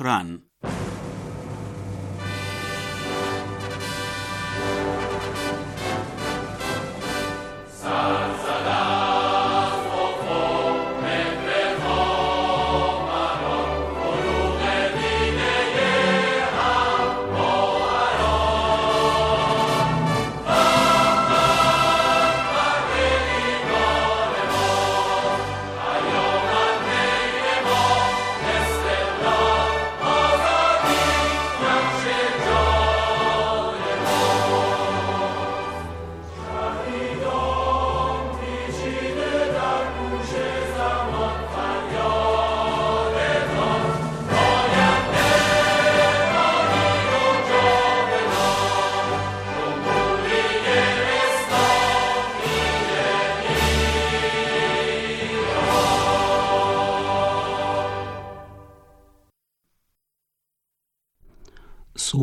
Iran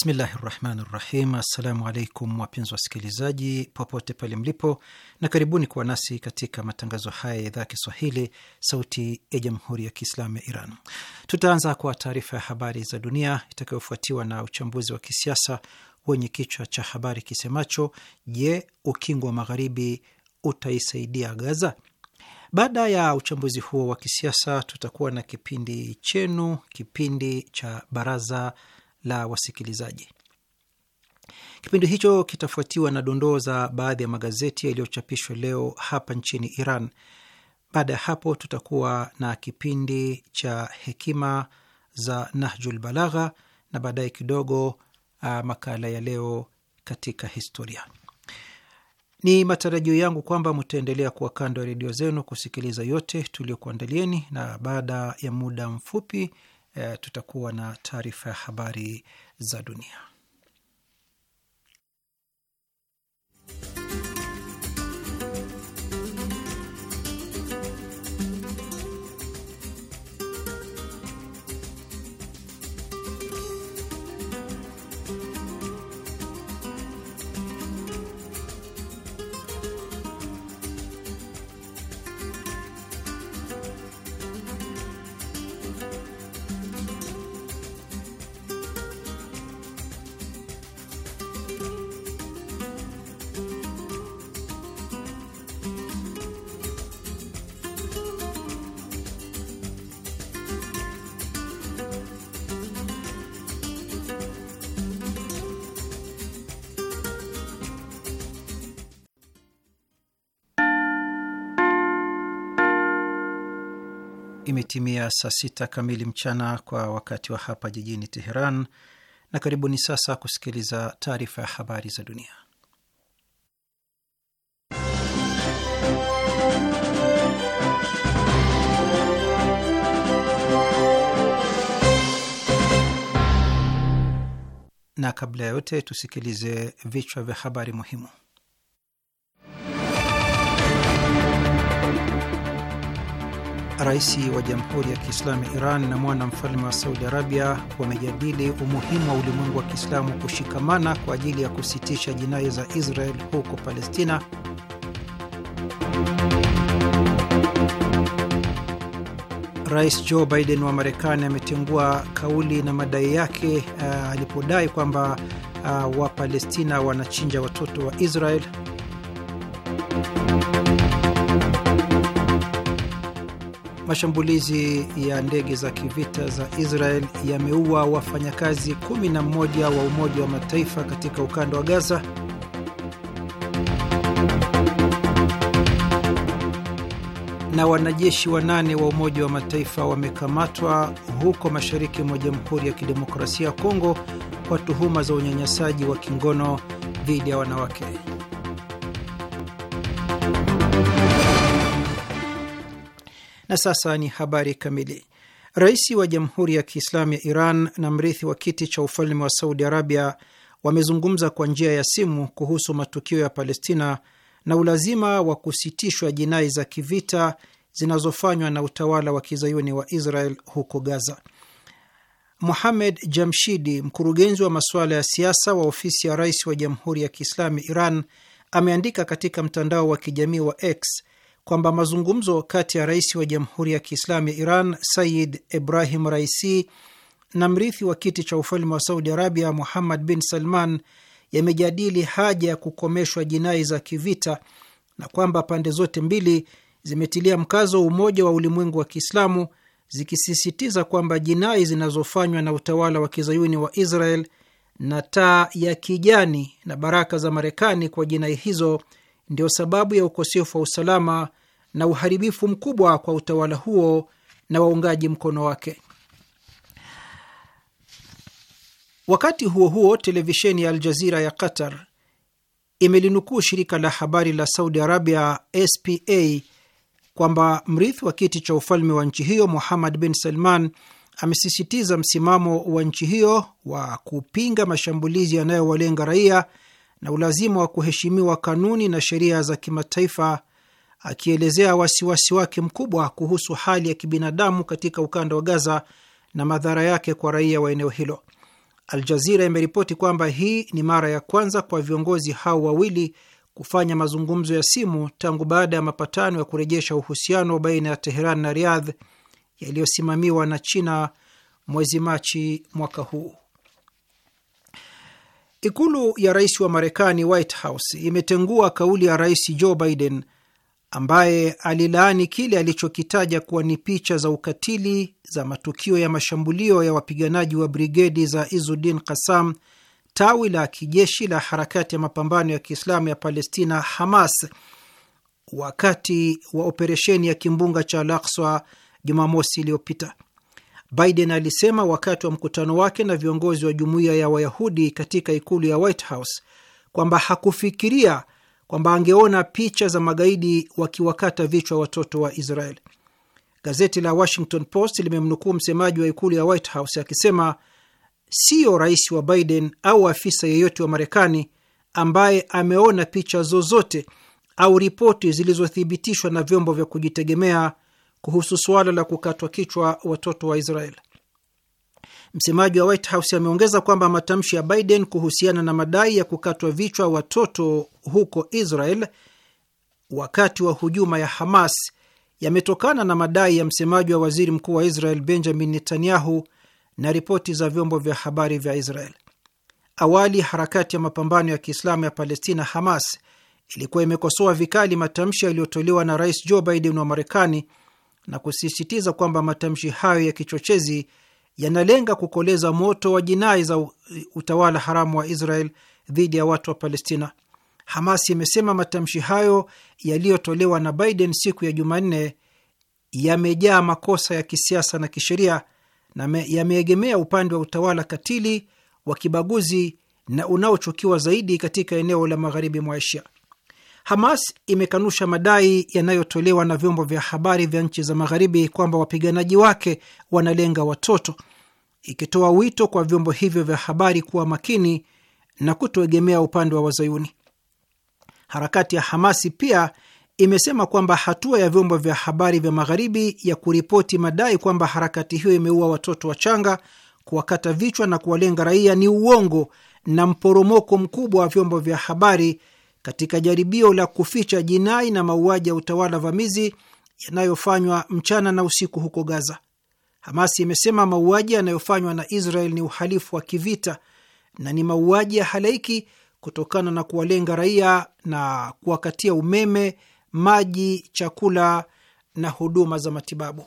Bismillahi rahmani rahim. Assalamu alaikum wapenzi wasikilizaji popote pale mlipo, na karibuni kuwa nasi katika matangazo haya ya idhaa ya Kiswahili sauti ya jamhuri ya Kiislamu ya Iran. Tutaanza kwa taarifa ya habari za dunia itakayofuatiwa na uchambuzi wa kisiasa wenye kichwa cha habari kisemacho, Je, ukingo wa magharibi utaisaidia Gaza? Baada ya uchambuzi huo wa kisiasa, tutakuwa na kipindi chenu, kipindi cha baraza la wasikilizaji. Kipindi hicho kitafuatiwa na dondoo za baadhi ya magazeti yaliyochapishwa leo hapa nchini Iran. Baada ya hapo, tutakuwa na kipindi cha hekima za Nahjul Balagha na baadaye kidogo uh, makala ya leo katika historia. Ni matarajio yangu kwamba mtaendelea kuwa kando ya redio zenu kusikiliza yote tuliokuandalieni, na baada ya muda mfupi Eh, tutakuwa na taarifa ya habari za dunia. imetimia saa sita kamili mchana kwa wakati wa hapa jijini Teheran, na karibuni sasa kusikiliza taarifa ya habari za dunia. Na kabla ya yote tusikilize vichwa vya habari muhimu. Rais wa Jamhuri ya Kiislamu ya Iran na mwana mfalme wa Saudi Arabia wamejadili umuhimu wa ulimwengu wa Kiislamu kushikamana kwa ajili ya kusitisha jinai za Israel huko Palestina. Rais Joe Biden wa Marekani ametengua kauli na madai yake uh, alipodai kwamba uh, Wapalestina wanachinja watoto wa Israel. Mashambulizi ya ndege za kivita za Israel yameua wafanyakazi 11 wa Umoja wa Mataifa katika ukanda wa Gaza. Na wanajeshi wanane wa Umoja wa Mataifa wamekamatwa huko mashariki mwa Jamhuri ya Kidemokrasia ya Kongo kwa tuhuma za unyanyasaji wa kingono dhidi ya wanawake. Na sasa ni habari kamili. Rais wa Jamhuri ya Kiislamu ya Iran na mrithi wa kiti cha ufalme wa Saudi Arabia wamezungumza kwa njia ya simu kuhusu matukio ya Palestina na ulazima wa kusitishwa jinai za kivita zinazofanywa na utawala wa kizayuni wa Israel huko Gaza. muhamed Jamshidi, mkurugenzi wa masuala ya siasa wa ofisi ya rais wa Jamhuri ya Kiislamu ya Iran, ameandika katika mtandao wa kijamii wa X kwamba mazungumzo kati ya rais wa Jamhuri ya Kiislamu ya Iran Sayid Ibrahim Raisi na mrithi wa kiti cha ufalme wa Saudi Arabia Muhammad bin Salman yamejadili haja ya kukomeshwa jinai za kivita na kwamba pande zote mbili zimetilia mkazo umoja wa ulimwengu wa Kiislamu zikisisitiza kwamba jinai zinazofanywa na utawala wa kizayuni wa Israel na taa ya kijani na baraka za Marekani kwa jinai hizo ndio sababu ya ukosefu wa usalama na uharibifu mkubwa kwa utawala huo na waungaji mkono wake. Wakati huo huo, televisheni ya Aljazira ya Qatar imelinukuu shirika la habari la Saudi Arabia SPA kwamba mrithi wa kiti cha ufalme wa nchi hiyo Muhammad bin Salman amesisitiza msimamo wa nchi hiyo wa kupinga mashambulizi yanayowalenga raia na ulazima wa kuheshimiwa kanuni na sheria za kimataifa, akielezea wasiwasi wake mkubwa kuhusu hali ya kibinadamu katika ukanda wa Gaza na madhara yake kwa raia wa eneo hilo. Al Jazira imeripoti kwamba hii ni mara ya kwanza kwa viongozi hao wawili kufanya mazungumzo ya simu tangu baada ya mapatano ya kurejesha uhusiano baina ya Teheran na Riyadh yaliyosimamiwa na China mwezi Machi mwaka huu. Ikulu ya rais wa Marekani, White House, imetengua kauli ya rais Joe Biden ambaye alilaani kile alichokitaja kuwa ni picha za ukatili za matukio ya mashambulio ya wapiganaji wa brigedi za Izudin Kasam, tawi la kijeshi la harakati ya mapambano ya kiislamu ya Palestina, Hamas, wakati wa operesheni ya kimbunga cha al Jumamosi iliyopita. Biden alisema wakati wa mkutano wake na viongozi wa jumuiya ya Wayahudi katika ikulu ya White House kwamba hakufikiria kwamba angeona picha za magaidi wakiwakata vichwa watoto wa israel Gazeti la Washington Post limemnukuu msemaji wa ikulu ya White House akisema siyo rais wa Biden au afisa yeyote wa Marekani ambaye ameona picha zozote au ripoti zilizothibitishwa na vyombo vya kujitegemea kuhusu suala la kukatwa kichwa watoto wa Israel. Msemaji wa White House ameongeza kwamba matamshi ya Biden kuhusiana na madai ya kukatwa vichwa watoto huko Israel wakati wa hujuma ya Hamas yametokana na madai ya msemaji wa waziri mkuu wa Israel Benjamin Netanyahu na ripoti za vyombo vya habari vya Israel. Awali harakati ya mapambano ya Kiislamu ya Palestina, Hamas, ilikuwa imekosoa vikali matamshi yaliyotolewa na Rais Joe Biden wa Marekani na kusisitiza kwamba matamshi hayo ya kichochezi yanalenga kukoleza moto wa jinai za utawala haramu wa Israel dhidi ya watu wa Palestina. Hamas imesema matamshi hayo yaliyotolewa na Biden siku ya Jumanne yamejaa makosa ya kisiasa na kisheria na yameegemea upande wa utawala katili wa kibaguzi na unaochukiwa zaidi katika eneo la magharibi mwa Asia. Hamas imekanusha madai yanayotolewa na vyombo vya habari vya nchi za Magharibi kwamba wapiganaji wake wanalenga watoto, ikitoa wito kwa vyombo hivyo vya habari kuwa makini na kutoegemea upande wa Wazayuni. Harakati ya Hamasi pia imesema kwamba hatua ya vyombo vya habari vya Magharibi ya kuripoti madai kwamba harakati hiyo imeua watoto wachanga, kuwakata vichwa na kuwalenga raia ni uongo na mporomoko mkubwa wa vyombo vya habari katika jaribio la kuficha jinai na mauaji ya utawala vamizi yanayofanywa mchana na usiku huko Gaza. Hamasi imesema mauaji yanayofanywa na Israel ni uhalifu wa kivita na ni mauaji ya halaiki kutokana na kuwalenga raia na kuwakatia umeme, maji, chakula na huduma za matibabu.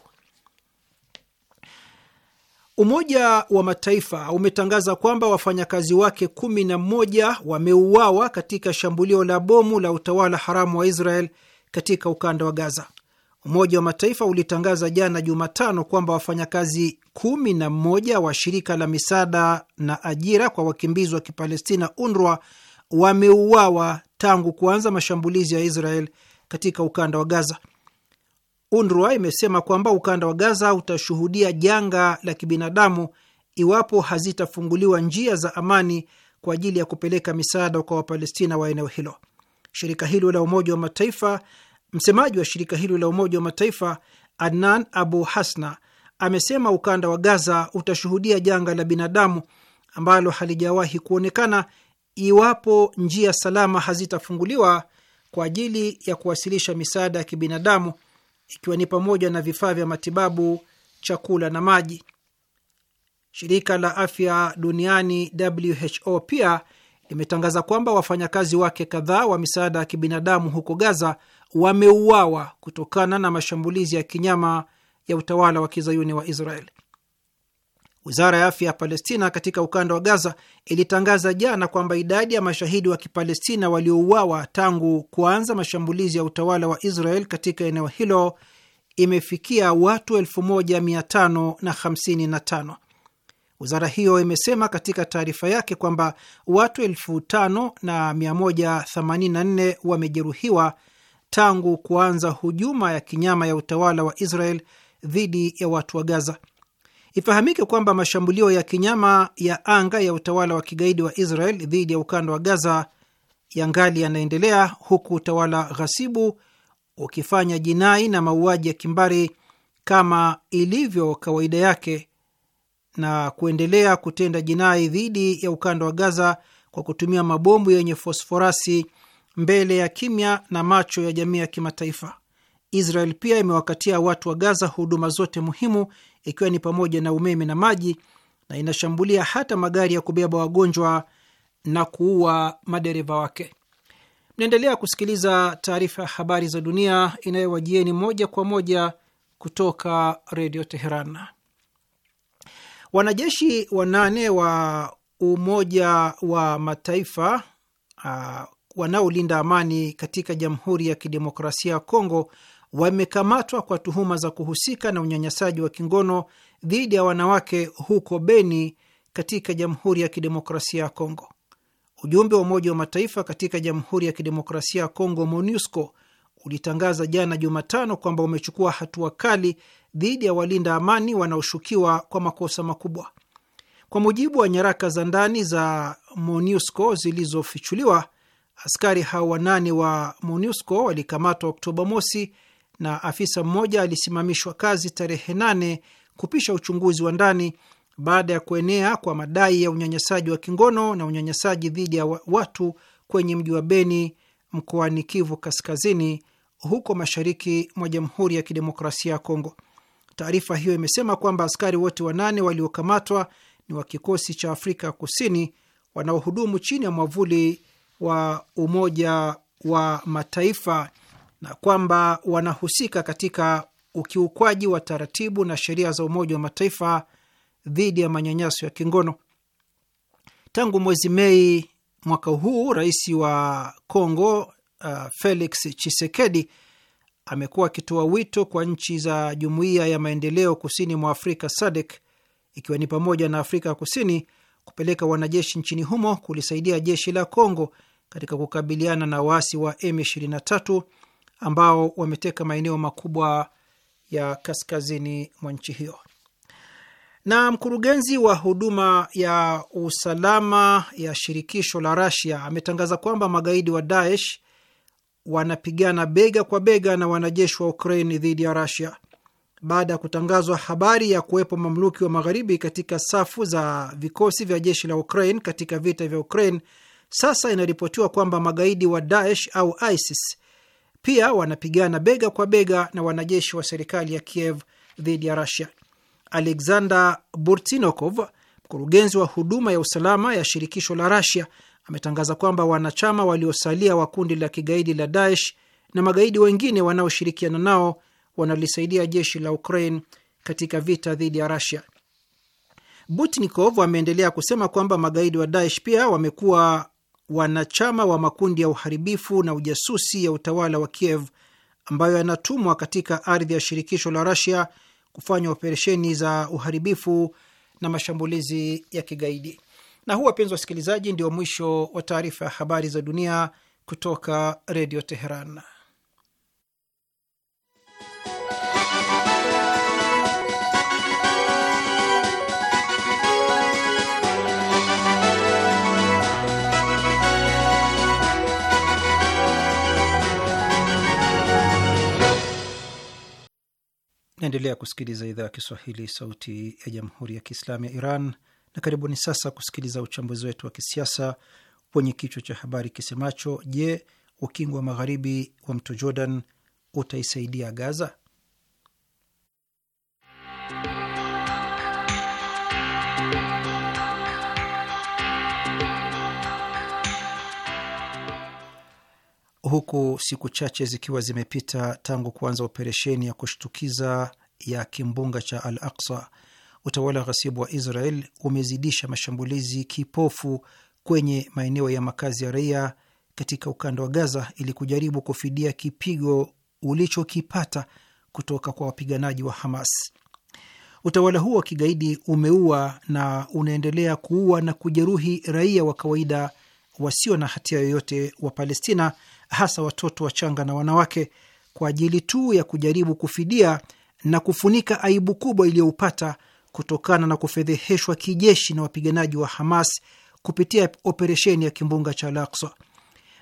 Umoja wa Mataifa umetangaza kwamba wafanyakazi wake kumi na mmoja wameuawa katika shambulio la bomu la utawala haramu wa Israel katika ukanda wa Gaza. Umoja wa Mataifa ulitangaza jana Jumatano kwamba wafanyakazi kumi na mmoja wa shirika la misaada na ajira kwa wakimbizi wa Kipalestina, UNRWA, wameuawa tangu kuanza mashambulizi ya Israel katika ukanda wa Gaza. UNRWA imesema kwamba ukanda wa Gaza utashuhudia janga la kibinadamu iwapo hazitafunguliwa njia za amani kwa ajili ya kupeleka misaada kwa Wapalestina wa eneo hilo. Shirika hilo la Umoja wa Mataifa, msemaji wa shirika hilo la Umoja wa Mataifa Adnan Abu Hasna amesema ukanda wa Gaza utashuhudia janga la binadamu ambalo halijawahi kuonekana iwapo njia salama hazitafunguliwa kwa ajili ya kuwasilisha misaada ya kibinadamu ikiwa ni pamoja na vifaa vya matibabu, chakula na maji. Shirika la afya duniani WHO pia limetangaza kwamba wafanyakazi wake kadhaa wa misaada ya kibinadamu huko Gaza wameuawa kutokana na mashambulizi ya kinyama ya utawala wa kizayuni wa Israeli. Wizara ya afya ya Palestina katika ukanda wa Gaza ilitangaza jana kwamba idadi ya mashahidi wa Kipalestina waliouawa tangu kuanza mashambulizi ya utawala wa Israel katika eneo hilo imefikia watu 1555. Wizara hiyo imesema katika taarifa yake kwamba watu 5184 wamejeruhiwa tangu kuanza hujuma ya kinyama ya utawala wa Israel dhidi ya watu wa Gaza. Ifahamike kwamba mashambulio ya kinyama ya anga ya utawala wa kigaidi wa Israel dhidi ya ukanda wa Gaza yangali yanaendelea huku utawala ghasibu ukifanya jinai na mauaji ya kimbari kama ilivyo kawaida yake na kuendelea kutenda jinai dhidi ya ukanda wa Gaza kwa kutumia mabomu yenye fosforasi mbele ya kimya na macho ya jamii ya kimataifa. Israel pia imewakatia watu wa Gaza huduma zote muhimu ikiwa ni pamoja na umeme na maji, na inashambulia hata magari ya kubeba wagonjwa na kuua madereva wake. Mnaendelea kusikiliza taarifa ya habari za dunia inayowajieni moja kwa moja kutoka redio Teheran. Wanajeshi wanane wa Umoja wa Mataifa uh, wanaolinda amani katika Jamhuri ya Kidemokrasia ya Kongo wamekamatwa kwa tuhuma za kuhusika na unyanyasaji wa kingono dhidi ya wanawake huko Beni katika Jamhuri ya Kidemokrasia ya Kongo. Ujumbe wa Umoja wa Mataifa katika Jamhuri ya Kidemokrasia ya Kongo, MONUSCO, ulitangaza jana Jumatano kwamba umechukua hatua kali dhidi ya walinda amani wanaoshukiwa kwa makosa makubwa. Kwa mujibu wa nyaraka za ndani za MONUSCO zilizofichuliwa, askari hao wanane wa MONUSCO walikamatwa Oktoba mosi na afisa mmoja alisimamishwa kazi tarehe nane kupisha uchunguzi wa ndani baada ya kuenea kwa madai ya unyanyasaji wa kingono na unyanyasaji dhidi ya watu kwenye mji wa Beni mkoani Kivu Kaskazini, huko mashariki mwa Jamhuri ya Kidemokrasia ya Kongo. Taarifa hiyo imesema kwamba askari wote wanane waliokamatwa ni wa kikosi cha Afrika Kusini wanaohudumu chini ya mwavuli wa Umoja wa Mataifa na kwamba wanahusika katika ukiukwaji wa taratibu na sheria za Umoja wa Mataifa dhidi ya manyanyaso ya kingono. Tangu mwezi Mei mwaka huu, rais wa Kongo uh, Felix Tshisekedi amekuwa akitoa wito kwa nchi za Jumuiya ya Maendeleo Kusini mwa Afrika SADC ikiwa ni pamoja na Afrika Kusini kupeleka wanajeshi nchini humo kulisaidia jeshi la Kongo katika kukabiliana na waasi wa M23 ambao wameteka maeneo makubwa ya kaskazini mwa nchi hiyo. Na mkurugenzi wa huduma ya usalama ya shirikisho la Rasia ametangaza kwamba magaidi wa Daesh wanapigana bega kwa bega na wanajeshi wa Ukraine dhidi ya Rasia baada ya kutangazwa habari ya kuwepo mamluki wa magharibi katika safu za vikosi vya jeshi la Ukraine katika vita vya Ukraine. Sasa inaripotiwa kwamba magaidi wa Daesh au ISIS pia wanapigana bega kwa bega na wanajeshi wa serikali ya Kiev dhidi ya Rusia. Alexander burtinokov mkurugenzi wa huduma ya usalama ya shirikisho la Rusia, ametangaza kwamba wanachama waliosalia wa kundi la kigaidi la Daesh na magaidi wengine wanaoshirikiana nao wanalisaidia jeshi la Ukraine katika vita dhidi ya Rusia. Butnikov ameendelea kusema kwamba magaidi wa Daesh pia wamekuwa wanachama wa makundi ya uharibifu na ujasusi ya utawala wa Kiev ambayo yanatumwa katika ardhi ya shirikisho la rasia kufanya operesheni za uharibifu na mashambulizi ya kigaidi. Na huu, wapenzi wasikilizaji, ndio mwisho wa taarifa ya habari za dunia kutoka Redio Teheran. Naendelea kusikiliza idhaa ya Kiswahili, sauti ya jamhuri ya kiislamu ya Iran, na karibuni sasa kusikiliza uchambuzi wetu wa kisiasa wenye kichwa cha habari kisemacho: Je, ukingo wa magharibi wa mto Jordan utaisaidia Gaza? huku siku chache zikiwa zimepita tangu kuanza operesheni ya kushtukiza ya kimbunga cha Al Aksa, utawala ghasibu wa Israel umezidisha mashambulizi kipofu kwenye maeneo ya makazi ya raia katika ukanda wa Gaza ili kujaribu kufidia kipigo ulichokipata kutoka kwa wapiganaji wa Hamas. Utawala huo wa kigaidi umeua na unaendelea kuua na kujeruhi raia wa kawaida wasio na hatia yoyote wa Palestina hasa watoto wachanga na wanawake, kwa ajili tu ya kujaribu kufidia na kufunika aibu kubwa iliyoupata kutokana na kufedheheshwa kijeshi na wapiganaji wa Hamas kupitia operesheni ya kimbunga cha Al-Aqsa.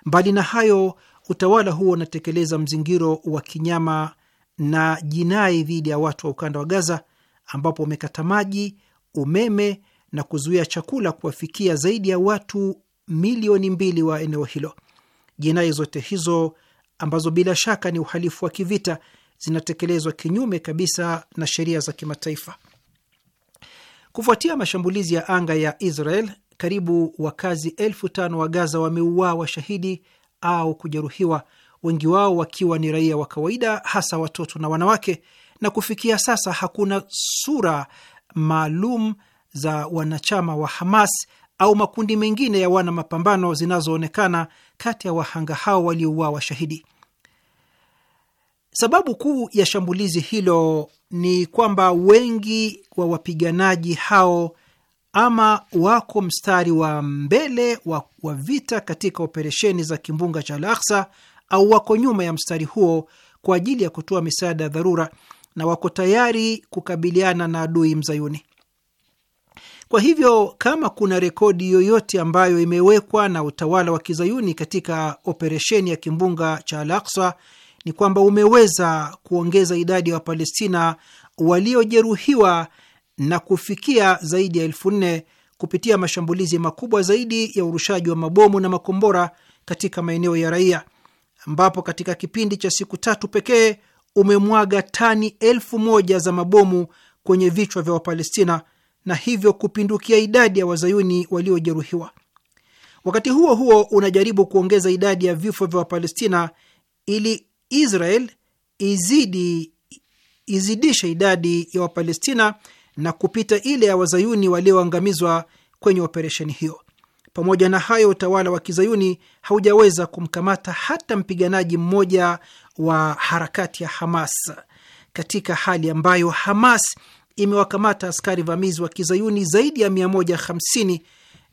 Mbali na hayo, utawala huo unatekeleza mzingiro wa kinyama na jinai dhidi ya watu wa ukanda wa Gaza, ambapo umekata maji, umeme na kuzuia chakula kuwafikia zaidi ya watu milioni mbili wa eneo hilo. Jinai zote hizo ambazo bila shaka ni uhalifu wa kivita zinatekelezwa kinyume kabisa na sheria za kimataifa. Kufuatia mashambulizi ya anga ya Israel, karibu wakazi elfu tano wa Gaza wameuawa washahidi au kujeruhiwa, wengi wao wakiwa ni raia wa kawaida, hasa watoto na wanawake. Na kufikia sasa hakuna sura maalum za wanachama wa Hamas au makundi mengine ya wana mapambano zinazoonekana kati ya wahanga hao waliouawa shahidi. Sababu kuu ya shambulizi hilo ni kwamba wengi wa wapiganaji hao ama wako mstari wa mbele wa, wa vita katika operesheni za kimbunga cha Al-Aqsa au wako nyuma ya mstari huo kwa ajili ya kutoa misaada ya dharura na wako tayari kukabiliana na adui mzayuni. Kwa hivyo kama kuna rekodi yoyote ambayo imewekwa na utawala wa kizayuni katika operesheni ya kimbunga cha Al-Aqsa ni kwamba umeweza kuongeza idadi ya wa Wapalestina waliojeruhiwa na kufikia zaidi ya elfu nne kupitia mashambulizi makubwa zaidi ya urushaji wa mabomu na makombora katika maeneo ya raia, ambapo katika kipindi cha siku tatu pekee umemwaga tani elfu moja za mabomu kwenye vichwa vya Wapalestina na hivyo kupindukia idadi ya wazayuni waliojeruhiwa. Wakati huo huo, unajaribu kuongeza idadi ya vifo vya Wapalestina ili Israel izidi izidishe idadi ya Wapalestina na kupita ile ya wazayuni walioangamizwa kwenye operesheni hiyo. Pamoja na hayo, utawala wa kizayuni haujaweza kumkamata hata mpiganaji mmoja wa harakati ya Hamas katika hali ambayo Hamas imewakamata askari vamizi wa kizayuni zaidi ya 150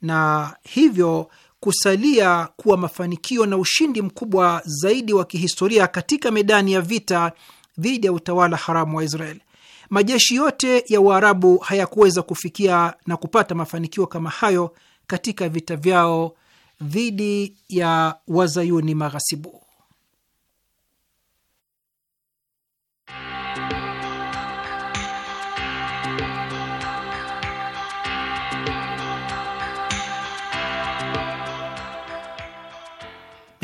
na hivyo kusalia kuwa mafanikio na ushindi mkubwa zaidi wa kihistoria katika medani ya vita dhidi ya utawala haramu wa israel Majeshi yote ya Uarabu hayakuweza kufikia na kupata mafanikio kama hayo katika vita vyao dhidi ya wazayuni maghasibu.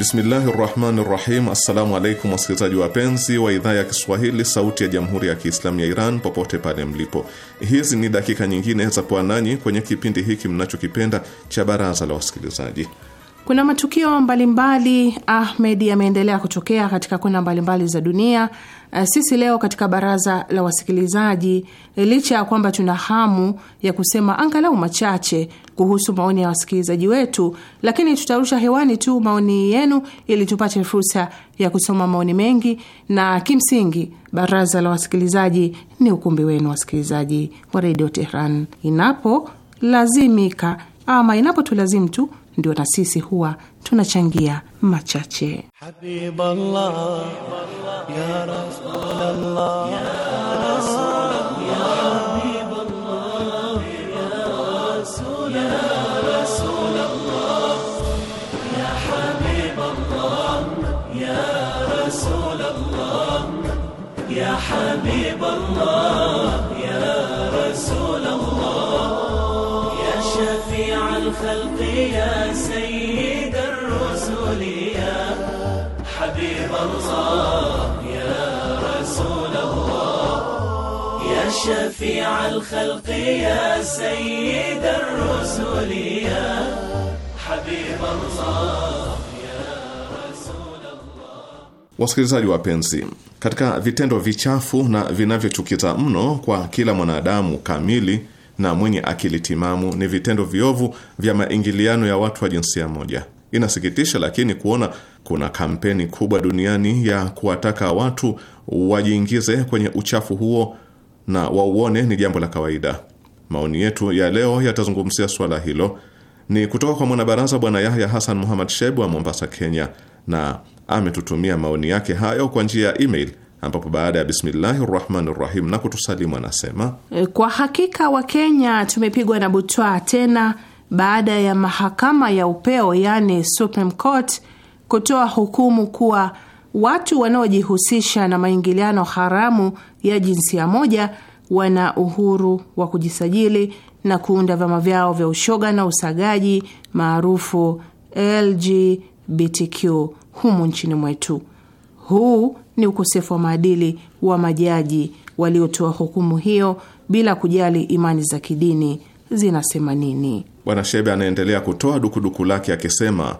Bismillahi rahmani rahim. Assalamu alaikum wasikilizaji wapenzi wa idhaa ya Kiswahili sauti ya jamhuri ya Kiislamu ya Iran popote pale mlipo, hizi ni dakika nyingine za kuwa nanyi kwenye kipindi hiki mnachokipenda cha baraza la wasikilizaji. Kuna matukio mbalimbali Ahmed, yameendelea kutokea katika kona mbalimbali za dunia. Eh, sisi leo katika baraza la wasikilizaji, eh, licha ya kwamba tuna hamu ya kusema angalau machache kuhusu maoni ya wasikilizaji wetu, lakini tutarusha hewani tu maoni yenu ili tupate fursa ya kusoma maoni mengi, na kimsingi baraza la wasikilizaji ni ukumbi wenu, wasikilizaji wa redio Tehran, inapo lazimika ama inapotulazimu tu ndio na sisi huwa tunachangia machache Habiballah, ya Rasulallah. الخلق يا سيد الرسل يا حبيب الله يا رسول الله يا شفيع الخلق يا سيد الرسل يا حبيب الله Wasikilizaji wapenzi, katika vitendo vichafu na vinavyochukiza mno kwa kila mwanadamu kamili na mwenye akili timamu ni vitendo viovu vya maingiliano ya watu wa jinsia moja. Inasikitisha lakini kuona kuna kampeni kubwa duniani ya kuwataka watu wajiingize kwenye uchafu huo na wauone ni jambo la kawaida. Maoni yetu ya leo yatazungumzia suala hilo, ni kutoka kwa mwanabaraza Bwana Yahya Hassan Muhammad Shebu wa Mombasa, Kenya, na ametutumia maoni yake hayo kwa njia ya email ambapo baada ya bismillahi rahmani rahim na kutusalimu anasema e, kwa hakika Wakenya tumepigwa na butwaa tena baada ya mahakama ya upeo yani Supreme Court kutoa hukumu kuwa watu wanaojihusisha na maingiliano haramu ya jinsia moja wana uhuru wa kujisajili na kuunda vyama vyao vya ushoga na usagaji maarufu LGBTQ humu nchini mwetu. Huu ni ukosefu wa maadili wa majaji waliotoa hukumu hiyo bila kujali imani za kidini zinasema nini. Bwana Shebe anaendelea kutoa dukuduku lake akisema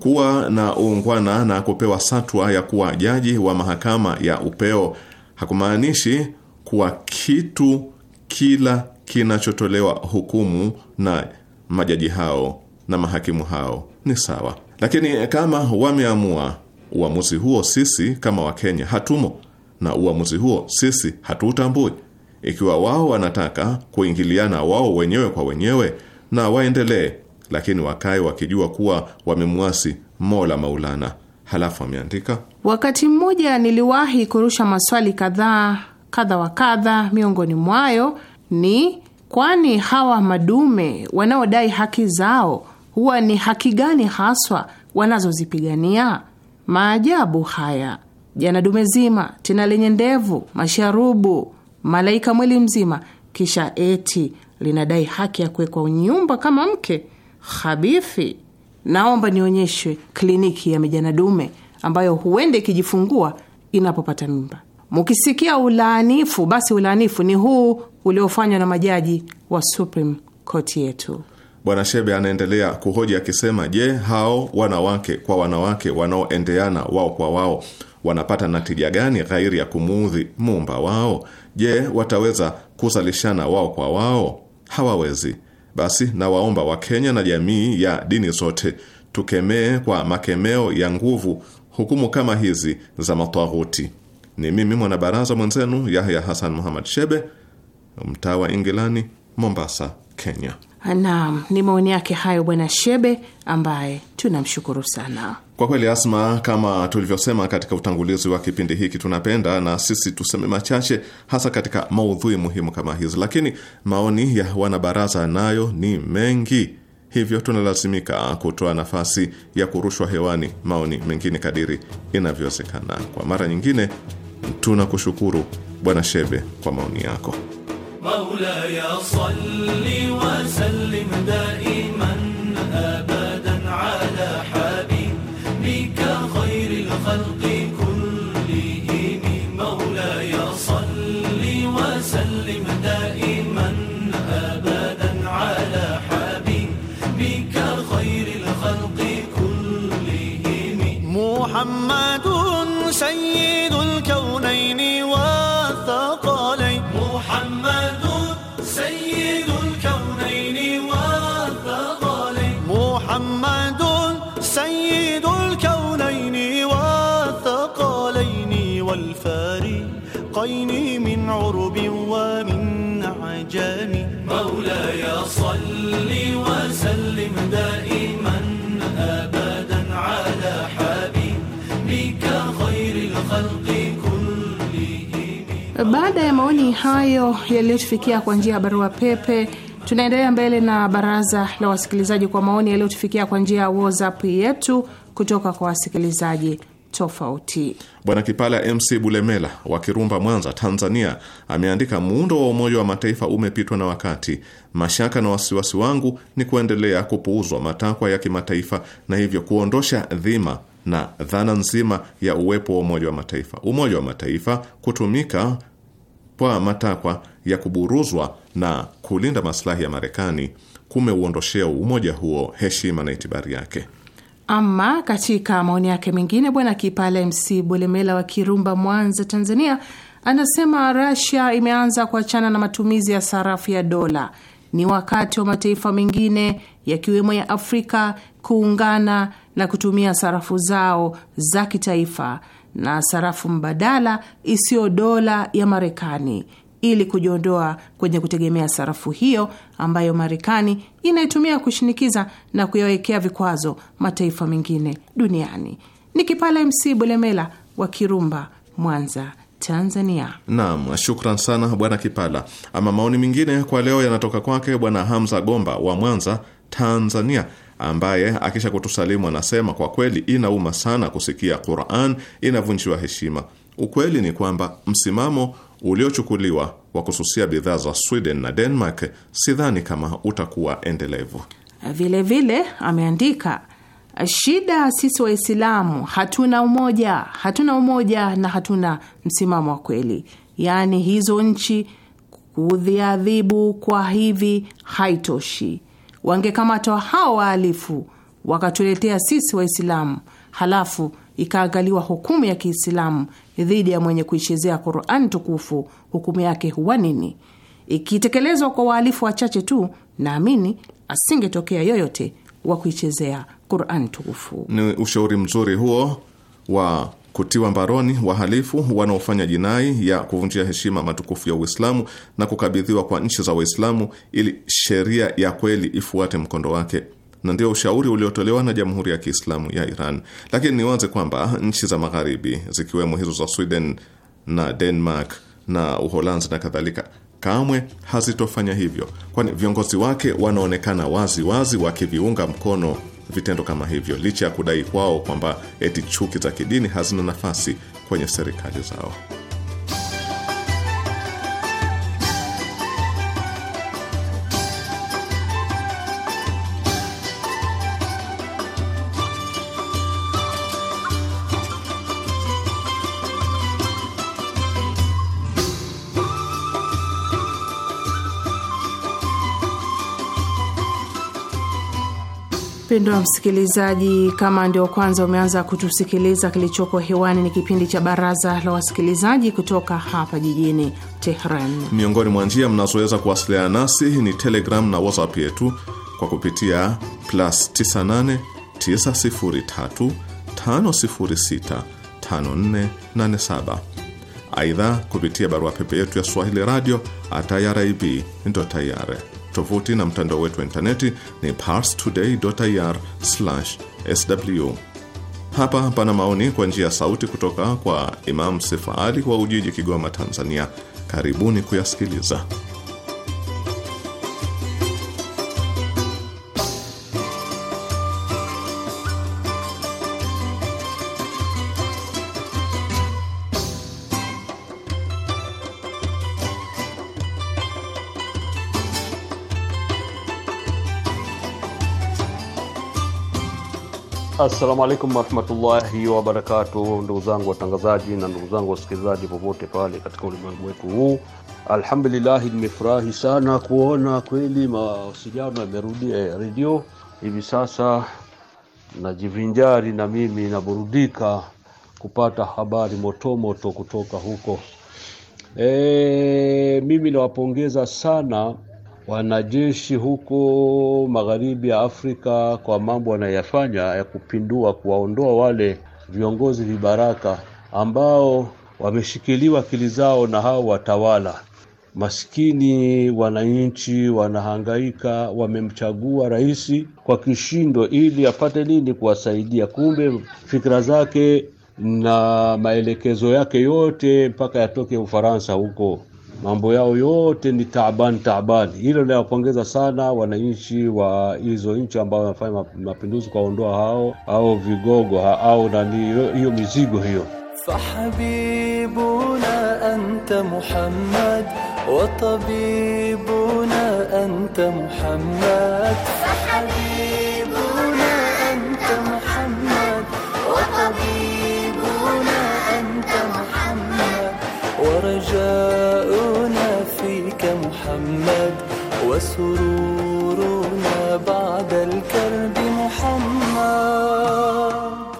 kuwa na uungwana na kupewa satwa ya kuwa jaji wa mahakama ya upeo hakumaanishi kuwa kitu kila kinachotolewa hukumu na majaji hao na mahakimu hao ni sawa, lakini kama wameamua Uamuzi huo sisi kama Wakenya hatumo na uamuzi huo sisi hatuutambui. Ikiwa wao wanataka kuingiliana wao wenyewe kwa wenyewe, na waendelee, lakini wakae wakijua kuwa wamemwasi Mola Maulana. Halafu ameandika, wakati mmoja niliwahi kurusha maswali kadhaa kadha wa kadha, miongoni mwayo ni kwani hawa madume wanaodai haki zao huwa ni haki gani haswa wanazozipigania? Maajabu haya jana, dume zima tena lenye ndevu, masharubu, malaika mwili mzima, kisha eti linadai haki ya kuwekwa nyumba kama mke habifi. Naomba nionyeshwe kliniki ya mijana dume ambayo huenda ikijifungua inapopata mimba. Mukisikia ulaanifu, basi ulaanifu ni huu uliofanywa na majaji wa Supreme Court yetu. Bwana Shebe anaendelea kuhoji akisema, je, hao wanawake kwa wanawake wanaoendeana wao kwa wao wanapata natija gani ghairi ya kumuudhi muumba wao? Je, wataweza kuzalishana wao kwa wao? Hawawezi. Basi nawaomba Wakenya na jamii ya dini zote tukemee kwa makemeo ya nguvu hukumu kama hizi za matwaghuti. Ni mimi mwanabaraza mwenzenu Yahya Hasan Muhammad Shebe, mtaa wa Ingilani, Mombasa, Kenya. Naam, ni maoni yake hayo Bwana Shebe, ambaye tunamshukuru sana kwa kweli. Asma, kama tulivyosema katika utangulizi wa kipindi hiki, tunapenda na sisi tuseme machache, hasa katika maudhui muhimu kama hizi, lakini maoni ya wanabaraza nayo ni mengi, hivyo tunalazimika kutoa nafasi ya kurushwa hewani maoni mengine kadiri inavyowezekana. Kwa mara nyingine, tunakushukuru Bwana Shebe kwa maoni yako Maula ya salli Baada ya maoni hayo yaliyotufikia kwa njia ya barua pepe, tunaendelea mbele na baraza la wasikilizaji kwa maoni yaliyotufikia kwa njia ya WhatsApp yetu kutoka kwa wasikilizaji tofauti. Bwana Kipala MC Bulemela wa Kirumba, Mwanza, Tanzania, ameandika muundo wa Umoja wa Mataifa umepitwa na wakati. Mashaka na wasiwasi wangu ni kuendelea kupuuzwa matakwa ya kimataifa na hivyo kuondosha dhima na dhana nzima ya uwepo wa Umoja wa Mataifa. Umoja wa Mataifa kutumika kwa matakwa ya kuburuzwa na kulinda maslahi ya Marekani kumeuondoshea umoja huo heshima na itibari yake. Ama katika maoni yake mengine, Bwana Kipale MC Bulemela wa Kirumba, Mwanza, Tanzania, anasema Rasia imeanza kuachana na matumizi ya sarafu ya dola. Ni wakati wa mataifa mengine yakiwemo ya Afrika kuungana na kutumia sarafu zao za kitaifa na sarafu mbadala isiyo dola ya Marekani ili kujiondoa kwenye kutegemea sarafu hiyo ambayo Marekani inaitumia kushinikiza na kuyawekea vikwazo mataifa mengine duniani. Ni Kipala MC Bulemela wa Kirumba, Mwanza, Tanzania. Naam, shukran sana Bwana Kipala. Ama maoni mengine kwa leo yanatoka kwake Bwana Hamza Gomba wa Mwanza, Tanzania ambaye akisha kutusalimu anasema kwa kweli inauma sana kusikia Qur'an inavunjiwa heshima. Ukweli ni kwamba msimamo uliochukuliwa wa kususia bidhaa za Sweden na Denmark sidhani kama utakuwa endelevu. Vilevile vile, ameandika shida, sisi Waislamu hatuna umoja, hatuna umoja na hatuna msimamo wa kweli. Yaani hizo nchi kudhiadhibu kwa hivi haitoshi wangekamatwa hao wahalifu wakatuletea sisi Waislamu, halafu ikaangaliwa hukumu ya Kiislamu dhidi ya mwenye kuichezea Qurani tukufu, hukumu yake huwa nini? Ikitekelezwa kwa wahalifu wachache tu, naamini asingetokea yoyote wa kuichezea Qurani tukufu. Ni ushauri mzuri huo wa kutiwa mbaroni wahalifu wanaofanya jinai ya kuvunjia heshima matukufu ya Uislamu na kukabidhiwa kwa nchi za Waislamu ili sheria ya kweli ifuate mkondo wake, na ndio ushauri uliotolewa na Jamhuri ya Kiislamu ya Iran. Lakini niwaze kwamba nchi za Magharibi zikiwemo hizo za Sweden na Denmark na Uholanzi na kadhalika kamwe hazitofanya hivyo, kwani viongozi wake wanaonekana wazi wazi wakiviunga mkono vitendo kama hivyo, licha ya kudai kwao kwamba eti chuki za kidini hazina nafasi kwenye serikali zao. Mpendwa msikilizaji, kama ndio kwanza umeanza kutusikiliza, kilichoko hewani ni kipindi cha Baraza la Wasikilizaji kutoka hapa jijini Tehran. Miongoni mwa njia mnazoweza kuwasiliana nasi ni Telegram na WhatsApp yetu kwa kupitia plus 98 506 5487. Aidha, kupitia barua pepe yetu ya swahili radio at ndo tayari Tovuti na mtandao wetu wa intaneti ni parstoday.ir/sw. Hapa pana maoni kwa njia ya sauti kutoka kwa Imam Sifa Ali wa Ujiji, Kigoma, Tanzania. Karibuni kuyasikiliza. Assalamu alaikum warahmatullahi wabarakatu, ndugu zangu watangazaji na ndugu zangu wasikilizaji popote pale katika ulimwengu wetu huu. Alhamdulillahi, nimefurahi sana kuona kweli mawasiliano yamerudia ya eh, redio hivi sasa. Najivinjari na mimi naburudika kupata habari motomoto kutoka huko. E, mimi nawapongeza sana wanajeshi huko magharibi ya Afrika kwa mambo wanayafanya ya kupindua, kuwaondoa wale viongozi vibaraka ambao wameshikiliwa akili zao na hao watawala maskini. Wananchi wanahangaika, wamemchagua rais kwa kishindo ili apate nini? Kuwasaidia. Kumbe fikra zake na maelekezo yake yote mpaka yatoke Ufaransa huko mambo yao yote ni taban taban Hilo linawapongeza sana wananchi wa hizo nchi ambao wanafanya mapinduzi kwa ondoa hao au vigogo au nani, hiyo mizigo hiyo. fahabibuna anta Muhammad wa tabibuna anta Muhammad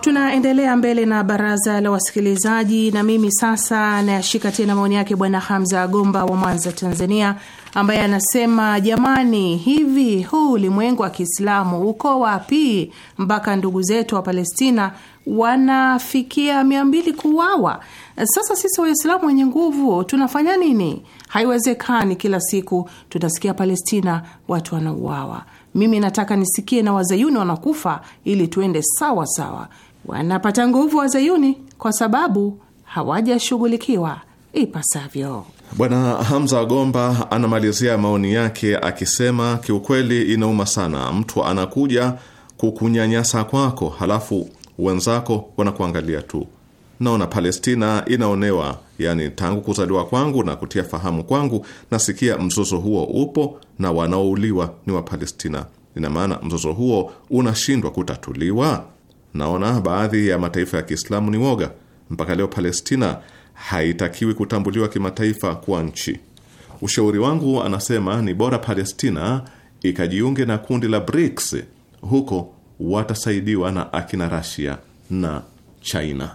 Tunaendelea mbele na baraza la wasikilizaji, na mimi sasa nayashika tena maoni yake Bwana Hamza Agomba wa Mwanza, Tanzania, ambaye anasema jamani, hivi huu ulimwengu wa Kiislamu uko wapi mpaka ndugu zetu wa Palestina wanafikia mia mbili kuuawa? Sasa sisi Waislamu wenye nguvu tunafanya nini? Haiwezekani kila siku tutasikia Palestina watu wanauawa. Mimi nataka nisikie na wazayuni wanakufa, ili tuende sawa sawa. Wanapata nguvu wazayuni kwa sababu hawajashughulikiwa ipasavyo. Bwana Hamza Gomba anamalizia maoni yake akisema, kiukweli inauma sana, mtu anakuja kukunyanyasa kwako, halafu wenzako wanakuangalia tu. Naona Palestina inaonewa yaani tangu kuzaliwa kwangu na kutia fahamu kwangu, nasikia mzozo huo upo na wanaouliwa ni Wapalestina. Ina maana mzozo huo unashindwa kutatuliwa. Naona baadhi ya mataifa ya Kiislamu ni woga. Mpaka leo Palestina haitakiwi kutambuliwa kimataifa kuwa nchi. Ushauri wangu, anasema, ni bora Palestina ikajiunge na kundi la BRICS. Huko watasaidiwa na akina Russia na China.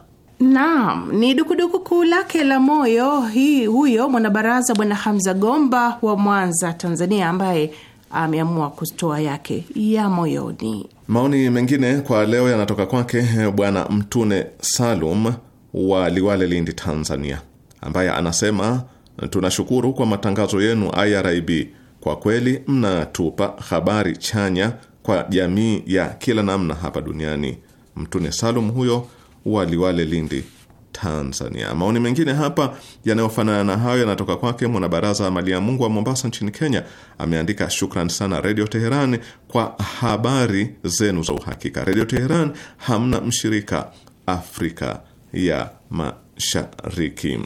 Naam, ni dukuduku kuu lake la moyo hii huyo mwanabaraza Bwana Hamza Gomba wa Mwanza, Tanzania, ambaye ameamua kutoa yake ya moyoni. Maoni mengine kwa leo yanatoka kwake eh, Bwana Mtune Salum wa Liwale, Lindi, Tanzania, ambaye anasema tunashukuru kwa matangazo yenu IRIB. Kwa kweli mnatupa habari chanya kwa jamii ya kila namna hapa duniani. Mtune Salum huyo Waliwale, Lindi, Tanzania. Maoni mengine hapa yanayofanana na hayo yanatoka kwake mwanabaraza wa mali ya Mungu wa Mombasa nchini Kenya. Ameandika, shukran sana Redio Teheran kwa habari zenu za uhakika. Redio Teheran hamna mshirika Afrika ya Mashariki.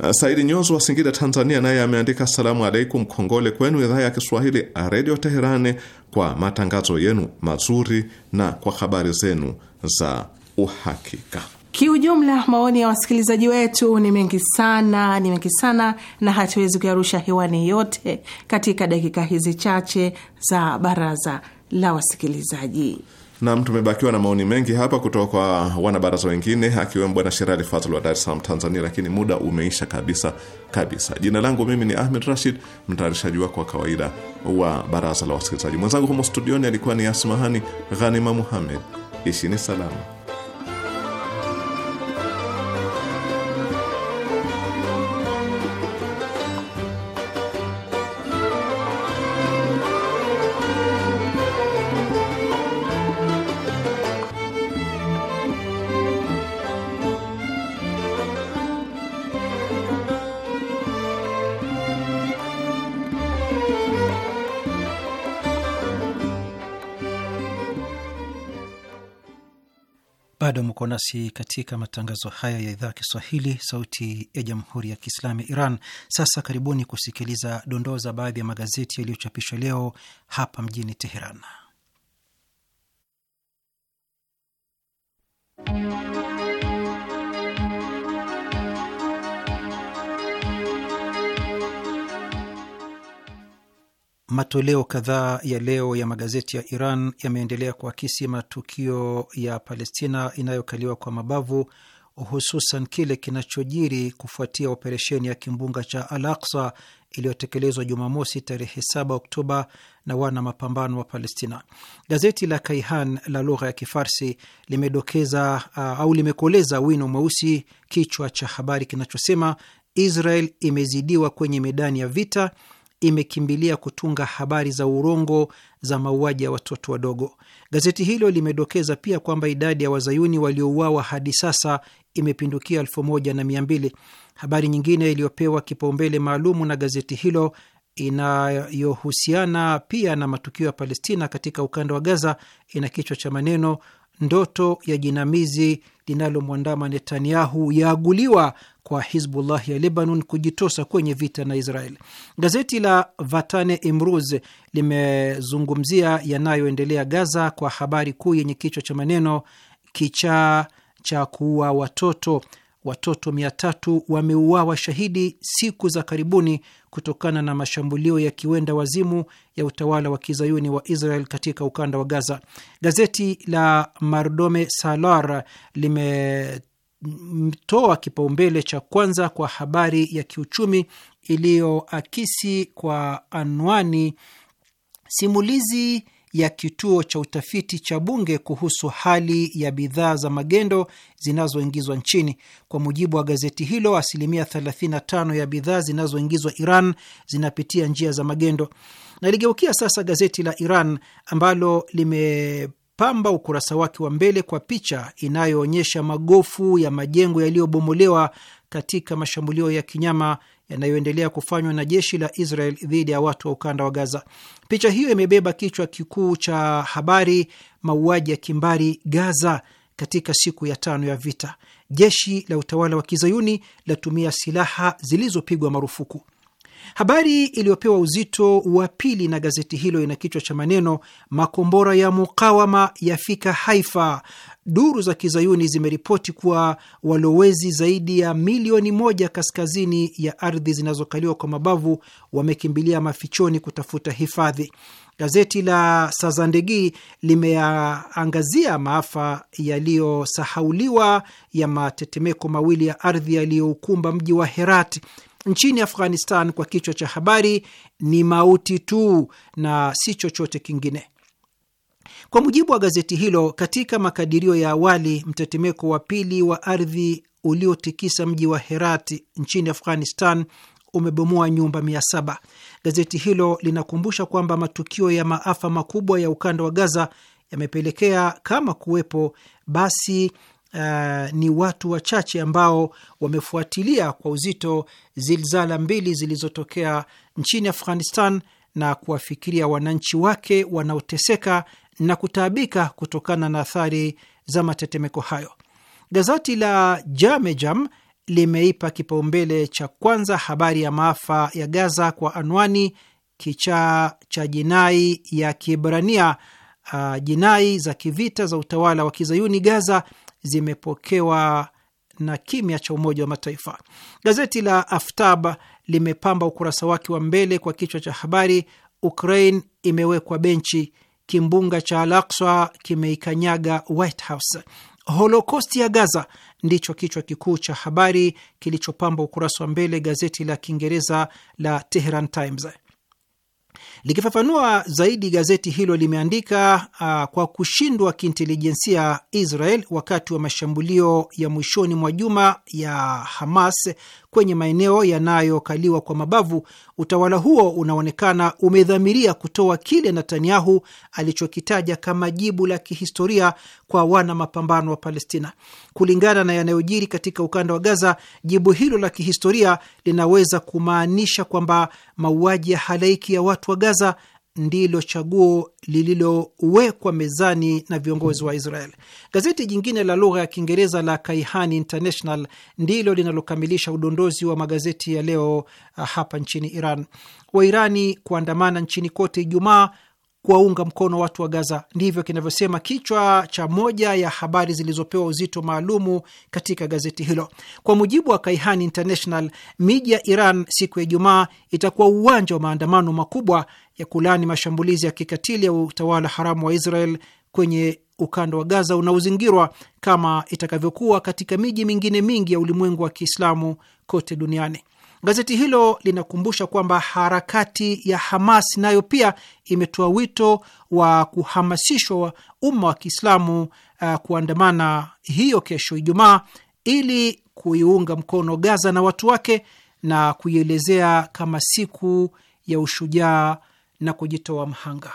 Uh, Saidi Nyozo wa Singida, Tanzania, naye ameandika salamu alaikum, kongole kwenu idhaa ya Kiswahili Redio Teherani kwa matangazo yenu mazuri na kwa habari zenu za uhakika. Kiujumla, maoni ya wasikilizaji wetu ni mengi sana, ni mengi sana, na hatuwezi kuyarusha hewani yote katika dakika hizi chache za baraza la wasikilizaji. Nam, tumebakiwa na maoni mengi hapa kutoka kwa wanabaraza wengine akiwemo Bwana Sherali Fadhl wa Dar es Salaam, Tanzania, lakini muda umeisha kabisa kabisa. Jina langu mimi ni Ahmed Rashid, mtayarishaji wako wa kawaida wa baraza la wasikilizaji. Mwenzangu humo studioni alikuwa ni Asmahani Ghanima Muhammed. Ishini salama. Bado mko nasi katika matangazo haya ya idhaa Kiswahili, sauti ya jamhuri ya kiislamu ya Iran. Sasa karibuni kusikiliza dondoo za baadhi ya magazeti yaliyochapishwa leo hapa mjini Teheran. Matoleo kadhaa ya leo ya magazeti ya Iran yameendelea kuakisi matukio ya Palestina inayokaliwa kwa mabavu, hususan kile kinachojiri kufuatia operesheni ya kimbunga cha Al Aksa iliyotekelezwa Jumamosi tarehe 7 Oktoba na wana mapambano wa Palestina. Gazeti la Kaihan la lugha ya Kifarsi limedokeza uh, au limekoleza wino mweusi kichwa cha habari kinachosema Israel imezidiwa kwenye medani ya vita imekimbilia kutunga habari za urongo za mauaji ya watoto wadogo. Gazeti hilo limedokeza pia kwamba idadi ya wazayuni waliouawa hadi sasa imepindukia elfu moja na mia mbili. Habari nyingine iliyopewa kipaumbele maalumu na gazeti hilo inayohusiana pia na matukio ya Palestina katika ukanda wa Gaza ina kichwa cha maneno ndoto ya jinamizi linalomwandama Netanyahu yaaguliwa kwa Hizbullah ya Lebanon kujitosa kwenye vita na Israel. Gazeti la Vatane Imruz limezungumzia yanayoendelea Gaza kwa habari kuu yenye kichwa cha maneno kichaa cha kuua watoto watoto tatu wameuawa shahidi siku za karibuni kutokana na mashambulio ya kiwenda wazimu ya utawala wa kizayuni wa Israel katika ukanda wa Gaza. Gazeti la Mardome Salar limetoa kipaumbele cha kwanza kwa habari ya kiuchumi iliyoakisi kwa anwani simulizi ya kituo cha utafiti cha bunge kuhusu hali ya bidhaa za magendo zinazoingizwa nchini. Kwa mujibu wa gazeti hilo, asilimia 35 ya bidhaa zinazoingizwa Iran zinapitia njia za magendo. Naligeukia sasa gazeti la Iran ambalo limepamba ukurasa wake wa mbele kwa picha inayoonyesha magofu ya majengo yaliyobomolewa katika mashambulio ya kinyama yanayoendelea kufanywa na jeshi la Israel dhidi ya watu wa ukanda wa Gaza. Picha hiyo imebeba kichwa kikuu cha habari, mauaji ya kimbari Gaza katika siku ya tano ya vita, jeshi la utawala wa kizayuni latumia silaha zilizopigwa marufuku. Habari iliyopewa uzito wa pili na gazeti hilo ina kichwa cha maneno makombora ya mukawama yafika Haifa. Duru za kizayuni zimeripoti kuwa walowezi zaidi ya milioni moja kaskazini ya ardhi zinazokaliwa kwa mabavu wamekimbilia mafichoni kutafuta hifadhi. Gazeti la Sazandegi limeangazia maafa yaliyosahauliwa ya matetemeko mawili ya ardhi yaliyoukumba mji wa Herati nchini Afghanistan kwa kichwa cha habari ni mauti tu na si chochote kingine. Kwa mujibu wa gazeti hilo, katika makadirio ya awali, mtetemeko wa pili wa ardhi uliotikisa mji wa herati nchini Afghanistan umebomoa nyumba mia saba. Gazeti hilo linakumbusha kwamba matukio ya maafa makubwa ya ukanda wa Gaza yamepelekea kama kuwepo basi Uh, ni watu wachache ambao wamefuatilia kwa uzito zilzala mbili zilizotokea nchini Afghanistan na kuwafikiria wananchi wake wanaoteseka na kutaabika kutokana na athari za matetemeko hayo. Gazeti la Jamejam limeipa kipaumbele cha kwanza habari ya maafa ya Gaza kwa anwani kichaa cha jinai ya Kiebrania, uh, jinai za kivita za utawala wa kizayuni Gaza zimepokewa na kimya cha Umoja wa Mataifa. Gazeti la Aftab limepamba ukurasa wake wa mbele kwa kichwa cha habari, Ukraine imewekwa benchi, kimbunga cha Al-Aqsa kimeikanyaga White House. Holokosti ya Gaza ndicho kichwa kikuu cha habari kilichopamba ukurasa wa mbele gazeti la Kiingereza la Tehran Times. Likifafanua zaidi, gazeti hilo limeandika uh, kwa kushindwa kiintelijensia Israel wakati wa mashambulio ya mwishoni mwa juma ya Hamas kwenye maeneo yanayokaliwa kwa mabavu, utawala huo unaonekana umedhamiria kutoa kile Netanyahu alichokitaja kama jibu la kihistoria kwa wana mapambano wa Palestina. Kulingana na yanayojiri katika ukanda wa Gaza, jibu hilo la kihistoria linaweza kumaanisha kwamba mauaji ya halaiki ya watu wa Gaza ndilo chaguo lililowekwa mezani na viongozi wa Israel. Gazeti jingine la lugha ya Kiingereza la Kaihani International ndilo linalokamilisha udondozi wa magazeti ya leo ah, hapa nchini Iran. Wairani kuandamana nchini kote Ijumaa kuwaunga mkono watu wa Gaza. Ndivyo kinavyosema kichwa cha moja ya habari zilizopewa uzito maalumu katika gazeti hilo. Kwa mujibu wa Kaihan International, miji ya Iran siku ya Ijumaa itakuwa uwanja wa maandamano makubwa ya kulani mashambulizi ya kikatili ya utawala haramu wa Israel kwenye ukanda wa Gaza unaozingirwa kama itakavyokuwa katika miji mingine mingi ya ulimwengu wa Kiislamu kote duniani. Gazeti hilo linakumbusha kwamba harakati ya Hamas nayo pia imetoa wito wa kuhamasishwa umma wa Kiislamu uh, kuandamana hiyo kesho Ijumaa ili kuiunga mkono Gaza na watu wake na kuielezea kama siku ya ushujaa na kujitoa mhanga.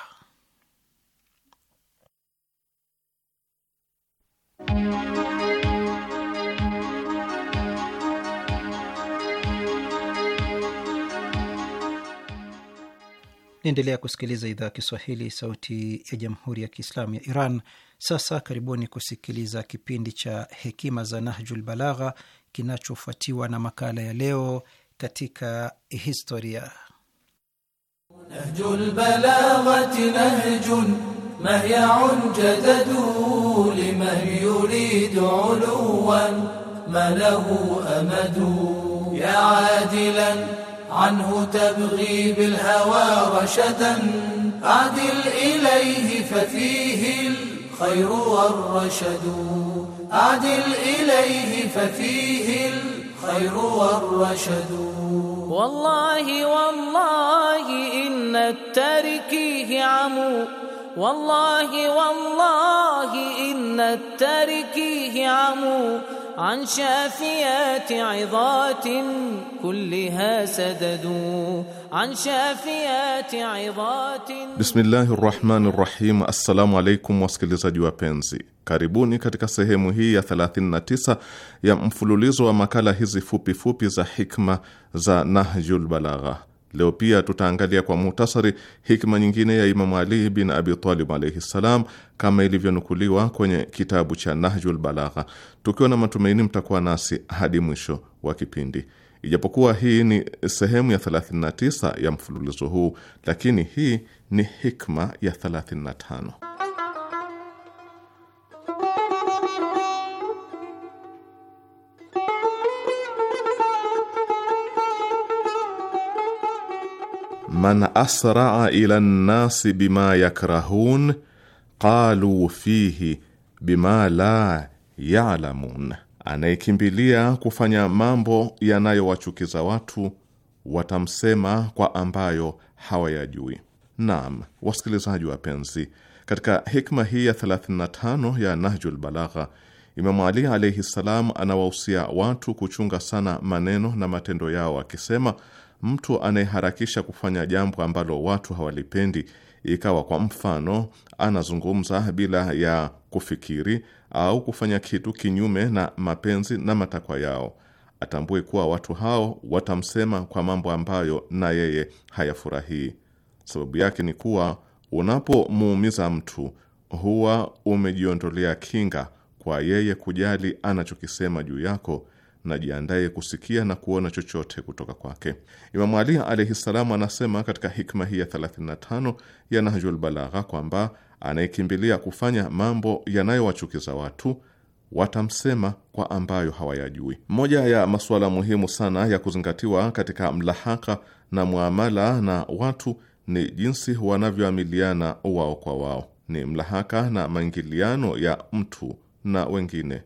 Naendelea kusikiliza idhaa ya Kiswahili, sauti ya jamhuri ya kiislamu ya Iran. Sasa karibuni kusikiliza kipindi cha hekima za Nahjul Balagha kinachofuatiwa na makala ya leo katika historia. Nahjul Balaghati nahjun mahyaun jadadu liman yuridu uluwan amadu ya adilan عنه تبغي بالهوى رشدا أعدل إليه ففيه الخير والرشد أعدل إليه ففيه الخير والرشد والله والله إن التركيه عمو والله والله إن التركيه عمو عن شافيات عظات كلها سددوا عن شافيات عظات الله الرحمن الرحيم السلام عليكم wasikilizaji wapenzi, karibuni katika sehemu hii ya 39 ya mfululizo wa makala hizi fupifupi fupi za hikma za Nahjul Balagha. Leo pia tutaangalia kwa muhtasari hikma nyingine ya Imamu Ali bin Abi Talib alaihi ssalam, kama ilivyonukuliwa kwenye kitabu cha Nahjul Balagha, tukiwa na matumaini mtakuwa nasi hadi mwisho wa kipindi. Ijapokuwa hii ni sehemu ya 39 ya mfululizo huu, lakini hii ni hikma ya 35. man asraa ila nnasi bima yakrahun qalu fihi bima la yalamun, anayekimbilia kufanya mambo yanayowachukiza watu watamsema kwa ambayo hawayajui. Naam, wasikilizaji wapenzi, katika hikma hii ya 35 ya Nahjul Balagha, Imamu Ali alaihi ssalam anawahusia watu kuchunga sana maneno na matendo yao akisema mtu anayeharakisha kufanya jambo ambalo watu hawalipendi, ikawa kwa mfano anazungumza bila ya kufikiri au kufanya kitu kinyume na mapenzi na matakwa yao, atambue kuwa watu hao watamsema kwa mambo ambayo na yeye hayafurahii. Sababu yake ni kuwa unapomuumiza mtu, huwa umejiondolea kinga kwa yeye kujali anachokisema juu yako na jiandaye kusikia na kuona chochote kutoka kwake. Imamu Ali alaihi ssalam anasema katika hikma hii ya 35 ya Nahjul Balagha kwamba anayekimbilia kufanya mambo yanayowachukiza watu watamsema kwa ambayo hawayajui. Moja ya masuala muhimu sana ya kuzingatiwa katika mlahaka na muamala na watu ni jinsi wanavyoamiliana wao kwa wao. Ni mlahaka na maingiliano ya mtu na wengine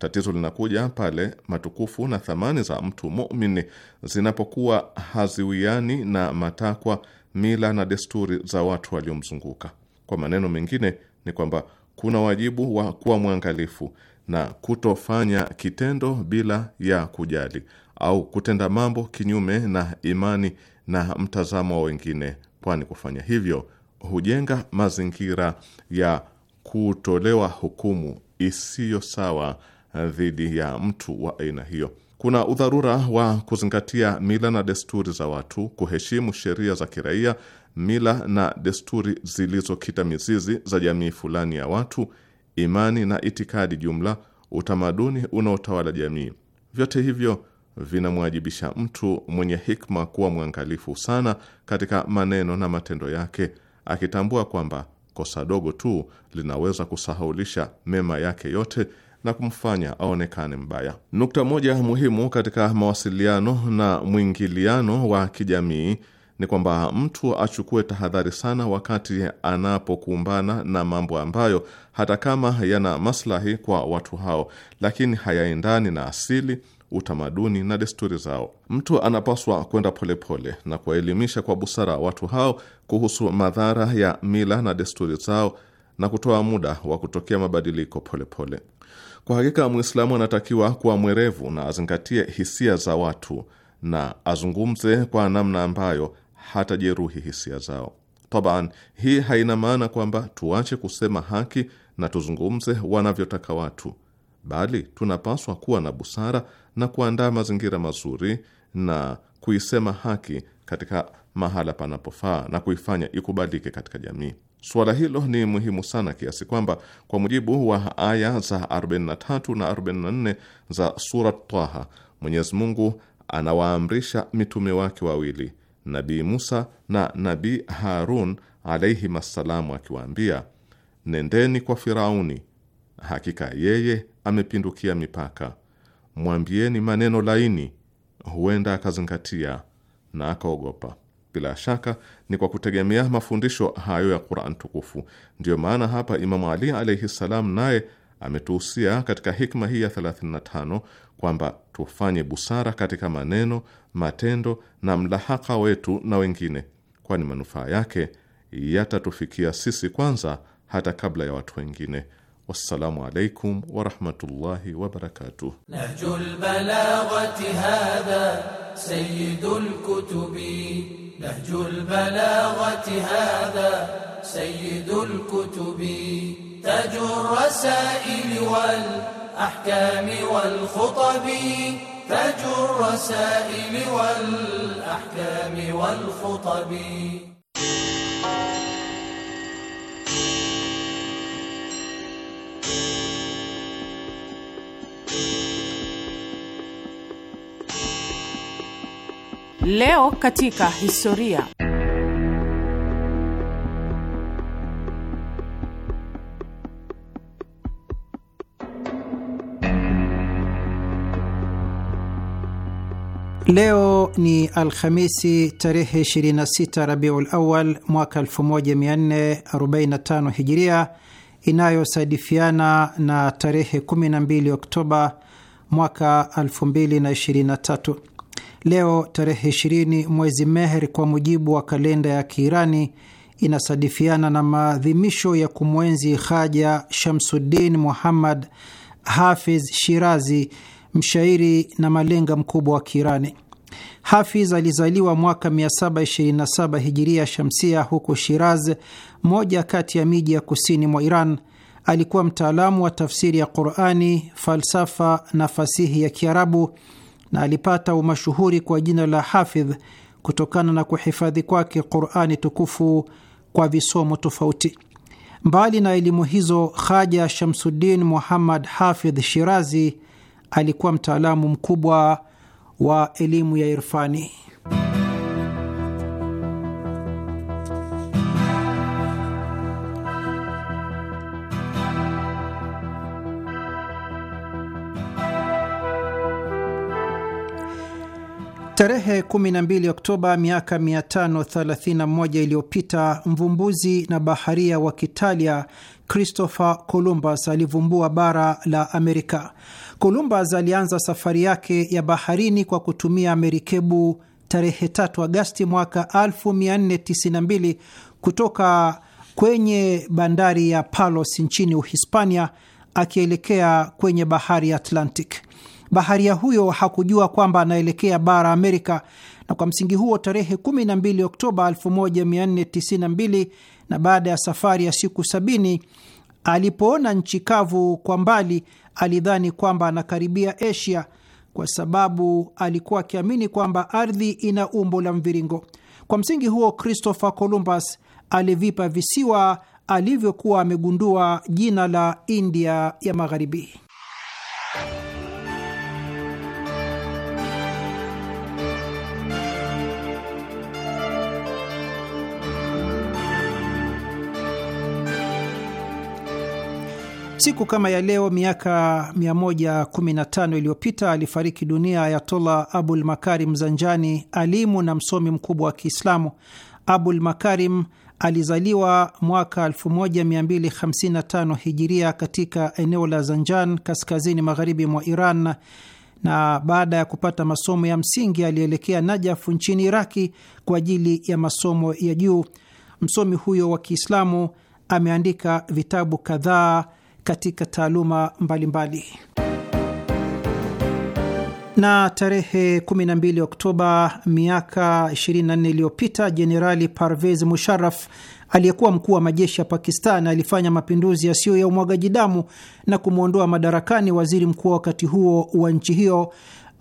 Tatizo linakuja pale matukufu na thamani za mtu muumini zinapokuwa haziwiani na matakwa, mila na desturi za watu waliomzunguka. Kwa maneno mengine, ni kwamba kuna wajibu wa kuwa mwangalifu na kutofanya kitendo bila ya kujali au kutenda mambo kinyume na imani na mtazamo wa wengine, kwani kufanya hivyo hujenga mazingira ya kutolewa hukumu isiyo sawa Eh, dhidi ya mtu wa aina hiyo. Kuna udharura wa kuzingatia mila na desturi za watu, kuheshimu sheria za kiraia, mila na desturi zilizokita mizizi za jamii fulani ya watu, imani na itikadi jumla, utamaduni unaotawala jamii. Vyote hivyo vinamwajibisha mtu mwenye hikma kuwa mwangalifu sana katika maneno na matendo yake, akitambua kwamba kosa dogo tu linaweza kusahaulisha mema yake yote na kumfanya aonekane mbaya. Nukta moja muhimu katika mawasiliano na mwingiliano wa kijamii ni kwamba mtu achukue tahadhari sana wakati anapokumbana na mambo ambayo hata kama yana maslahi kwa watu hao, lakini hayaendani na asili, utamaduni na desturi zao. Mtu anapaswa kwenda polepole na kuwaelimisha kwa busara watu hao kuhusu madhara ya mila na desturi zao na kutoa muda wa kutokea mabadiliko polepole pole. Kwa hakika Mwislamu anatakiwa kuwa mwerevu na azingatie hisia za watu na azungumze kwa namna ambayo hatajeruhi hisia zao. Taban, hii haina maana kwamba tuache kusema haki na tuzungumze wanavyotaka watu, bali tunapaswa kuwa na busara na kuandaa mazingira mazuri na kuisema haki katika mahala panapofaa na kuifanya ikubalike katika jamii. Suala hilo ni muhimu sana kiasi kwamba kwa mujibu wa aya za 43 na 44 za sura Taha, Mwenyezi Mungu anawaamrisha mitume wake wawili, Nabii Musa na Nabii Harun alaihi assalamu, akiwaambia nendeni kwa Firauni, hakika yeye amepindukia mipaka, mwambieni maneno laini, huenda akazingatia na akaogopa. Bila shaka ni kwa kutegemea mafundisho hayo ya Quran tukufu. Ndiyo maana hapa Imamu Ali alaihi ssalam naye ametuhusia katika hikma hii ya 35 kwamba tufanye busara katika maneno, matendo na mlahaka wetu na wengine, kwani manufaa yake yatatufikia sisi kwanza hata kabla ya watu wengine. والسلام عليكم ورحمة الله وبركاته نهج البلاغة هذا سيد الكتب نهج البلاغة هذا سيد الكتب تاج الرسائل والأحكام والخطب تاج الرسائل والأحكام والخطب Leo katika historia. Leo ni Alhamisi tarehe 26 Rabiul Awal mwaka 1445 Hijiria, inayosadifiana na tarehe 12 Oktoba mwaka 2023. Leo tarehe 20 mwezi Meher kwa mujibu wa kalenda ya Kiirani inasadifiana na maadhimisho ya kumwenzi Haja Shamsuddin Muhammad Hafiz Shirazi, mshairi na malenga mkubwa wa Kiirani. Hafiz alizaliwa mwaka 727 hijiria shamsia huko Shiraz, moja kati ya miji ya kusini mwa Iran. Alikuwa mtaalamu wa tafsiri ya Qurani, falsafa na fasihi ya Kiarabu na alipata umashuhuri kwa jina la Hafidh kutokana na kuhifadhi kwake Qurani tukufu kwa visomo tofauti. Mbali na elimu hizo, Khaja Shamsuddin Muhammad Hafidh Shirazi alikuwa mtaalamu mkubwa wa elimu ya irfani. Tarehe 12 Oktoba miaka 531 iliyopita mvumbuzi na baharia wa Kitalia Christopher Columbus alivumbua bara la Amerika. Columbus alianza safari yake ya baharini kwa kutumia merikebu tarehe 3 Agasti mwaka 1492 kutoka kwenye bandari ya Palos nchini Uhispania akielekea kwenye bahari ya Atlantic. Baharia huyo hakujua kwamba anaelekea bara Amerika, na kwa msingi huo tarehe 12 Oktoba 1492 na baada ya safari ya siku sabini alipoona nchi kavu kwa mbali, alidhani kwamba anakaribia Asia kwa sababu alikuwa akiamini kwamba ardhi ina umbo la mviringo. Kwa msingi huo Christopher Columbus alivipa visiwa alivyokuwa amegundua jina la India ya Magharibi. Siku kama ya leo miaka 115 iliyopita alifariki dunia Ayatollah Abul Makarim Zanjani, alimu na msomi mkubwa wa Kiislamu. Abul Makarim alizaliwa mwaka 1255 hijiria katika eneo la Zanjan, kaskazini magharibi mwa Iran, na baada ya kupata masomo ya msingi alielekea Najafu nchini Iraki kwa ajili ya masomo ya juu. Msomi huyo wa Kiislamu ameandika vitabu kadhaa katika taaluma mbalimbali mbali. Na tarehe 12 Oktoba miaka 24 iliyopita Jenerali Parvez Musharraf aliyekuwa mkuu wa majeshi ya Pakistan alifanya mapinduzi yasiyo ya umwagaji damu na kumwondoa madarakani waziri mkuu wa wakati huo wa nchi hiyo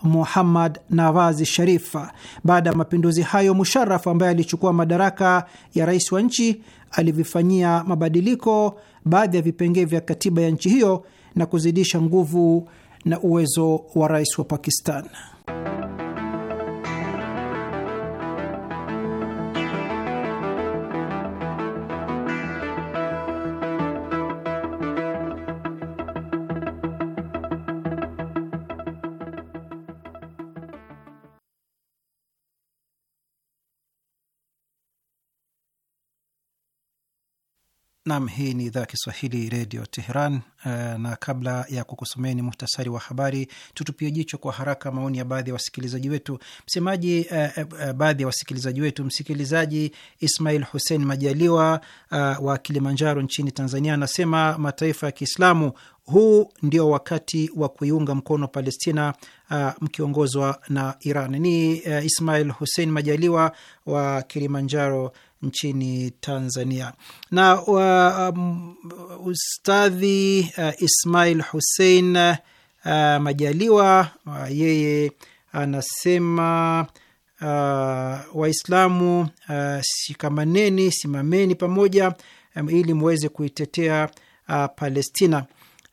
Muhammad Nawaz Sharif. Baada ya mapinduzi hayo, Musharraf ambaye alichukua madaraka ya rais wa nchi alivifanyia mabadiliko baadhi ya vipengee vya katiba ya nchi hiyo na kuzidisha nguvu na uwezo wa rais wa Pakistan. Nam, hii ni idhaa ya Kiswahili redio Teheran. Eh, na kabla ya kukusomeni muhtasari wa habari, tutupie jicho kwa haraka maoni ya baadhi ya wasikilizaji wetu. Msemaji uh, baadhi ya wasikilizaji wetu, msikilizaji Ismail Hussein Majaliwa uh, wa Kilimanjaro nchini Tanzania anasema mataifa ya Kiislamu, huu ndio wakati wa kuiunga mkono Palestina uh, mkiongozwa na Iran. Ni uh, Ismail Hussein Majaliwa wa Kilimanjaro nchini Tanzania. Na wa, uh, um, Ustadhi uh, Ismail Hussein uh, Majaliwa uh, yeye anasema uh, Waislamu uh, shikamaneni, simameni pamoja um, ili muweze kuitetea uh, Palestina.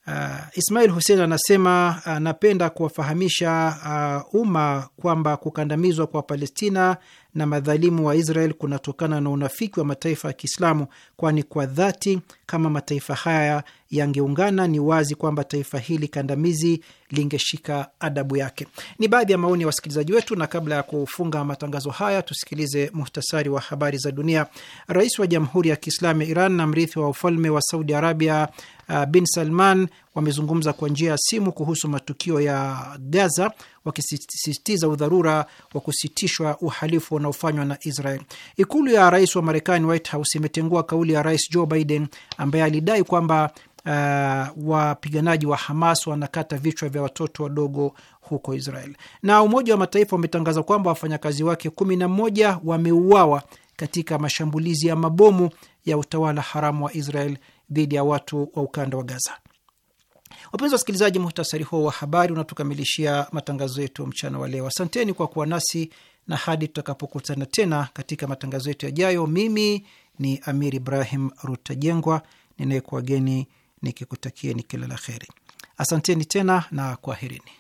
Uh, Ismail Hussein anasema anapenda uh, napenda kuwafahamisha uh, umma kwamba kukandamizwa kwa Palestina na madhalimu wa Israel kunatokana na unafiki wa mataifa ya Kiislamu, kwani kwa dhati kama mataifa haya yangeungana, ni wazi kwamba taifa hili kandamizi lingeshika adabu yake. Ni baadhi ya maoni ya wasikilizaji wetu, na kabla ya kufunga matangazo haya tusikilize muhtasari wa habari za dunia. Rais wa Jamhuri ya Kiislamu ya Iran na mrithi wa ufalme wa Saudi Arabia Uh, bin Salman wamezungumza kwa njia ya simu kuhusu matukio ya Gaza, wakisisitiza udharura wa kusitishwa uhalifu unaofanywa na Israel. Ikulu ya rais wa Marekani, White House, imetengua kauli ya rais Joe Biden ambaye alidai kwamba Uh, wapiganaji wa Hamas wanakata vichwa vya watoto wadogo huko Israel. Na Umoja wa Mataifa umetangaza kwamba wafanyakazi wake kumi na moja wameuawa katika mashambulizi ya mabomu ya utawala haramu wa Israel dhidi ya watu wa ukanda wa Gaza. Wapenzi wa wasikilizaji, muhtasari huo wa habari unatukamilishia matangazo yetu mchana wa leo. Asanteni kwa kuwa nasi na hadi tutakapokutana tena katika matangazo yetu yajayo, mimi ni Amir Ibrahim Rutajengwa ninayekuwageni nikikutakieni kila la kheri. Asanteni tena na kwaherini.